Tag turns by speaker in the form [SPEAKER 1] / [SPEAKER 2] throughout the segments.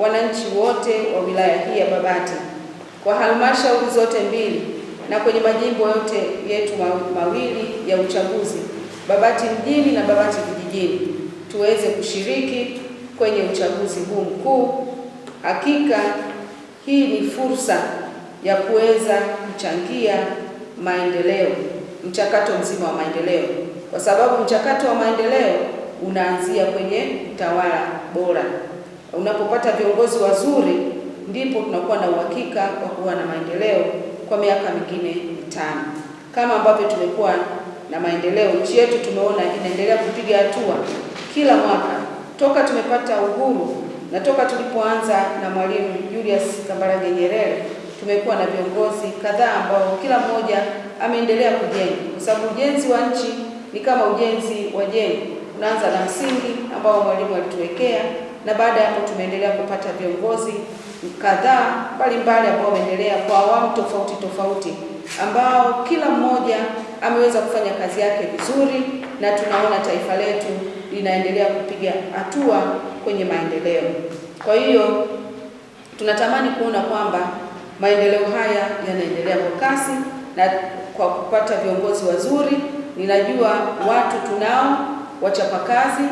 [SPEAKER 1] wananchi wote wa wilaya hii ya Babati kwa halmashauri zote mbili na kwenye majimbo yote yetu mawili ya uchaguzi Babati mjini na Babati vijijini tuweze kushiriki kwenye uchaguzi huu mkuu. Hakika hii ni fursa ya kuweza kuchangia maendeleo, mchakato mzima wa maendeleo, kwa sababu mchakato wa maendeleo unaanzia kwenye utawala bora. Unapopata viongozi wazuri, ndipo tunakuwa na uhakika wa kuwa na maendeleo kwa miaka mingine mitano, kama ambavyo tumekuwa na maendeleo. Nchi yetu tumeona inaendelea kupiga hatua kila mwaka toka tumepata uhuru na toka tulipoanza na Mwalimu Julius Kambarage Nyerere tumekuwa na viongozi kadhaa ambao kila mmoja ameendelea kujenga, kwa sababu ujenzi wa nchi ni kama ujenzi wa jengo, unaanza na msingi ambao mwalimu alituwekea na baada ya hapo tumeendelea kupata viongozi kadhaa mbalimbali ambao wameendelea kwa awamu tofauti tofauti, ambao kila mmoja ameweza kufanya kazi yake vizuri, na tunaona taifa letu linaendelea kupiga hatua kwenye maendeleo. Kwa hiyo tunatamani kuona kwamba maendeleo haya yanaendelea kwa kasi na kwa kupata viongozi wazuri. Ninajua watu tunao wachapakazi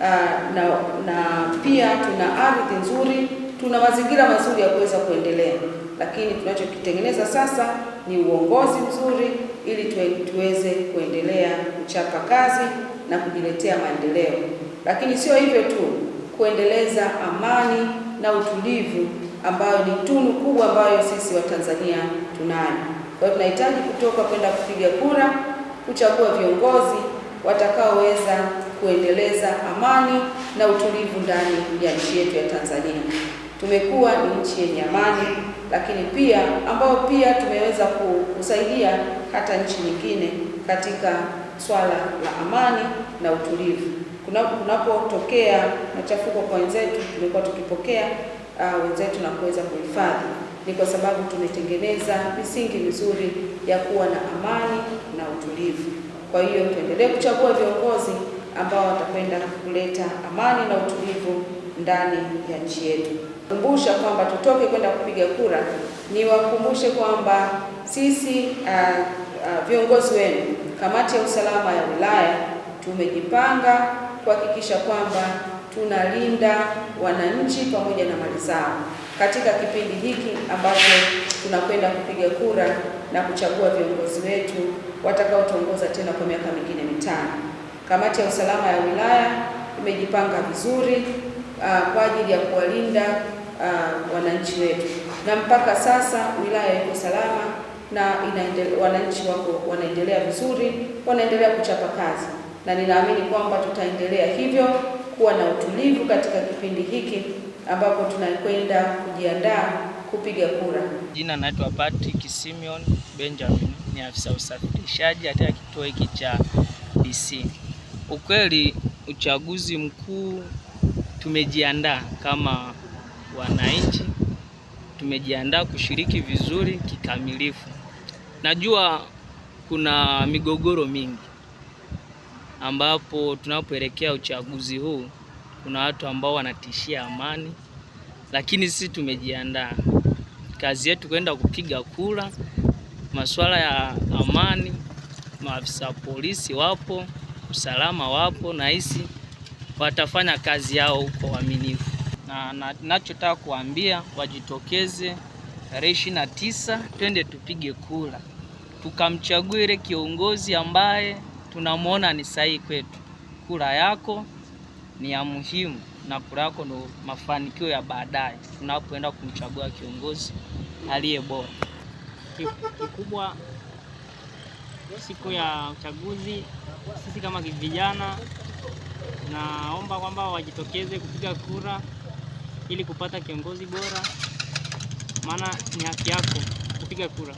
[SPEAKER 1] uh, na, na pia tuna ardhi nzuri, tuna mazingira mazuri ya kuweza kuendelea, lakini tunachokitengeneza sasa ni uongozi mzuri ili tuweze kuendelea kuchapa kazi na kujiletea maendeleo, lakini sio hivyo tu, kuendeleza amani na utulivu ambayo ni tunu kubwa ambayo sisi Watanzania tunayo. Kwa hiyo tunahitaji kutoka kwenda kupiga kura kuchagua viongozi watakaoweza kuendeleza amani na utulivu ndani ya nchi yetu ya Tanzania. Tumekuwa ni nchi yenye amani, lakini pia ambao pia tumeweza kusaidia hata nchi nyingine katika swala la amani na utulivu. Kunapotokea machafuko kwa wenzetu, tumekuwa tukipokea uh, wenzetu na kuweza kuhifadhi. Ni kwa sababu tumetengeneza misingi mizuri ya kuwa na amani na utulivu. Kwa hiyo tuendelee kuchagua viongozi ambao watakwenda kuleta amani na utulivu ndani ya nchi yetu. Kumbusha kwamba tutoke kwenda kupiga kura, niwakumbushe kwamba sisi uh, uh, viongozi wenu, kamati ya usalama ya wilaya tumejipanga kuhakikisha kwamba tunalinda wananchi pamoja na mali zao katika kipindi hiki ambacho tunakwenda kupiga kura na kuchagua viongozi wetu watakaotuongoza tena kwa miaka mingine mitano. Kamati ya usalama ya wilaya imejipanga vizuri uh, kwa ajili ya kuwalinda uh, wananchi wetu, na mpaka sasa wilaya iko salama na wananchi wako wanaendelea vizuri, wanaendelea kuchapa kazi, na ninaamini kwamba tutaendelea hivyo kuwa na utulivu katika kipindi hiki ambapo tunakwenda kujiandaa kupiga kura.
[SPEAKER 2] Jina naitwa Patrick Simeon Benjamin ni afisa usafirishaji katika kituo hiki cha DC. Ukweli uchaguzi mkuu tumejiandaa kama wananchi, tumejiandaa kushiriki vizuri kikamilifu. Najua kuna migogoro mingi ambapo tunapoelekea uchaguzi huu kuna watu ambao wanatishia amani, lakini sisi tumejiandaa. Kazi yetu kwenda kupiga kura masuala ya amani, maafisa wa polisi wapo, usalama wapo, nahisi watafanya kazi yao kwa uaminifu, na nachotaka na kuambia wajitokeze tarehe ishirini na tisa twende tupige kura tukamchague ile kiongozi ambaye tunamwona ni sahihi kwetu. Kura yako ni ya muhimu na kura yako ndo mafanikio ya baadaye tunapoenda kumchagua kiongozi aliye bora kikubwa siku ya uchaguzi, sisi kama vijana naomba kwamba wajitokeze kupiga kura ili kupata kiongozi bora, maana ni haki yako kupiga kura.